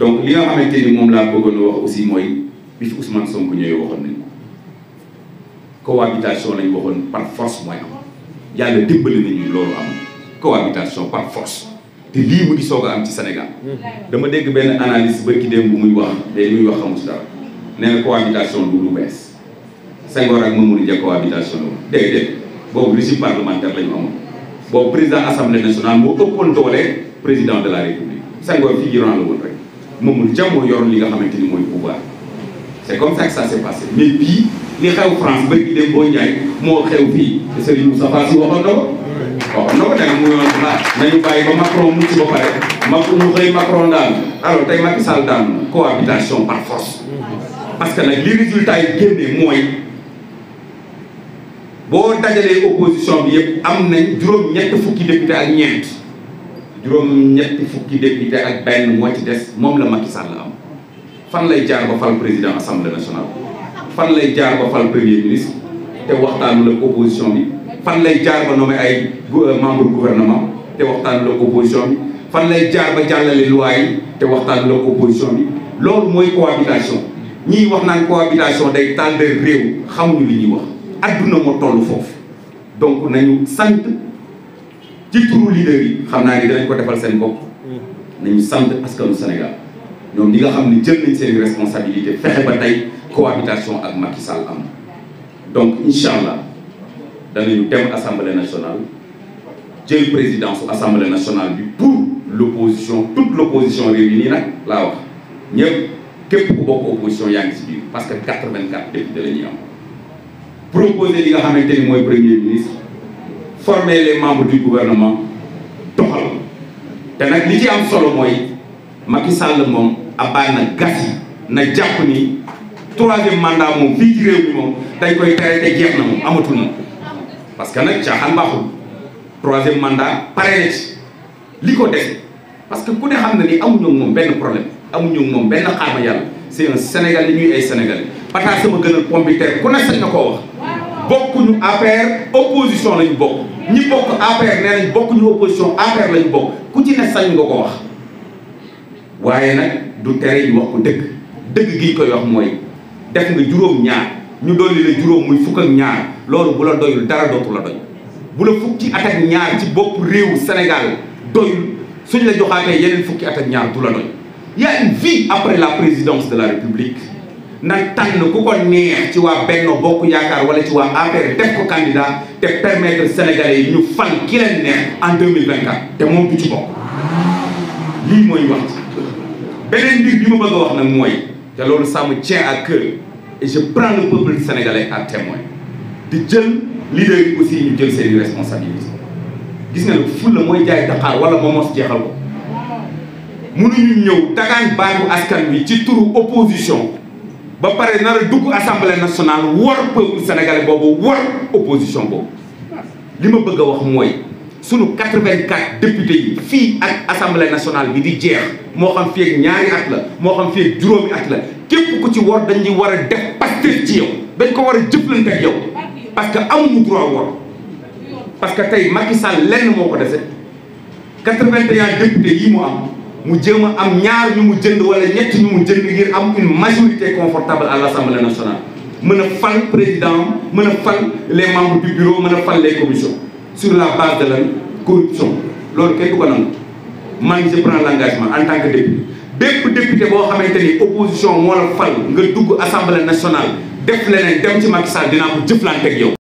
donc li nga xamante ni moom laa bëggoon wax aussi mooy bi fi Ousmane Sonko ñëwee waxoon nañ ko cohabitation lañ waxoon par force mooy am yàlla dimbali nañu loolu am cohabitation par te lii mu ngi soog am ci Sénégal dama dégg benn analyse bërki démb bu muy wax day muy wax xamu si dara nee na cohabitation du lu bees Senghor ak Mamadou Dia cohabitation la woon déedéet boobu régime parlementaire la ñu boobu président assemblée nationale moo ëppoon doole président de la Mamadou Dia moo yor li nga xamante ni mooy pouvoir c'est comme ça que ça s'est passé mais bii li xew France ba ñu dem boo Ndiaye moo xew fii te Serigne Moustapha Sy waxoon na ko waxoon na ko da nga mu yoon ma nañu bàyyi ba Macron mucc ba pare Macron mu xëy Macron daanu alors tey Macky Sall par force parce que nag li résultat yi génne mooy boo dajalee opposition bi yëpp am nañ juróom-ñett fukki député ak ñeent juróom ñetti fukki député ak benn moo ci des moom la Macky Sall am fan lay jaar ba fal président assemblée nationale fan lay jaar ba fal premier ministre te waxtaanu la opposition bi fan lay jaar ba nommé ay euh, membre gouvernement te waxtaanu la opposition bi fan lay jaar ba jàllale loi yi te waxtaanu la opposition bi loolu mooy cohabitation ñii wax naan cohabitation day tàndal réew xamuñu li ñuy wax adduna moo toll foofu donc nañu sant ci turu leader yi xam naa ni danañ ko defal seen bopp nañu sant askanu Sénégal ñoom li nga xam ne jël nañ seen responsabilité fexe ba tey cohabitation ak Macky Sall am donc incha allah danañu dem assemblée nationale jël présidence su assemblée nationale bi pour l'opposition toute l'opposition réunie nag laa wax ñëpp képp ku bokk opposition yaa ngi si biir parce que 84 députés la ñuy am proposé li nga xamante ni mooy premier ministre former les di du gouvernement doxal te nag li ci am solo mooy Macky Sall moom abaan na gas yi na jàpp ni troisième mandat moom fii ci mi moom dañ koy tere te jeex na moom amatul na parce que nag caaxaan baaxul troisième mandat pare na ci li ko def parce que ku ne xam ne ni amuñu moom benn problème amuñu moom benn xaar ma yàlla c'est un Sénégal li ñuy ay Sénégalais pataas sama gënal pomme ku ne sañ na ko wax bokk bokkuñu APR opposition lañ bokk ñi bokk APR nee nañ bokkuñu opposition APR lañ bokk ku ci ne sañ nga ko wax waaye nag du tere ñu wax ko dëgg dëgg gi koy wax mooy def nga juróom ñaar ñu dolli la juróom muy fukk ak ñaar loolu bu la doyul dara dootu la doy bu la fukki at ak ñaar ci bokk réewu Sénégal doyul suñ la jox joxaatee yeneen fukki at ak ñaar du la doy y a vie après la présidence de la République na tànn ku ko neex ci waa Benno Bokk Yaakaar wala ci waa APR def ko candidat te permettre sénégalais yi ñu fan ki leen neex en 2024 te moom du ci ko lii mooy wax ci beneen mbir bi ma bëgg a wax nag mooy te loolu ça me tient kër cœur et je prends le peuple sénégalais à di jël leader yi aussi ñu jël seen responsabilité gis nga ne fulla mooy jaay daqaar wala moo mos jeexal ko mënuñu ñëw dagaan baañu askan wi ci turu opposition ba pare nar a dugg assemblée national war peuple sénégalais boobu war opposition boobu li ma bëgg a wax mooy sunu 84 députés yi fii ak assemblée nationale bi di jeex moo xam fii ak ñaari at la moo xam fii ak juróomi at la képp ku ci war a def Pastef ci yow dañ ko war a jëflante ak yow parce que amuñu droit war parce que tey Macky Sall lenn moo ko dese 81 députés yi mu am. mu jéem am ñaar ñu mu jënd walla ñett ñu mu jënd ngir am une majorité confortable à l'Assemblée nationale mën a fal président mën a fal les membres du bureau mën a fal le commissions sur la base de la corruption loolu kenn du ko nangu man je prends l'engagement en tant que député bépp député boo xamante ni opposition moo la fal nga dugg assemblée nationale def leneen dem ci Macky Sall dinaa ko jëflante ak yow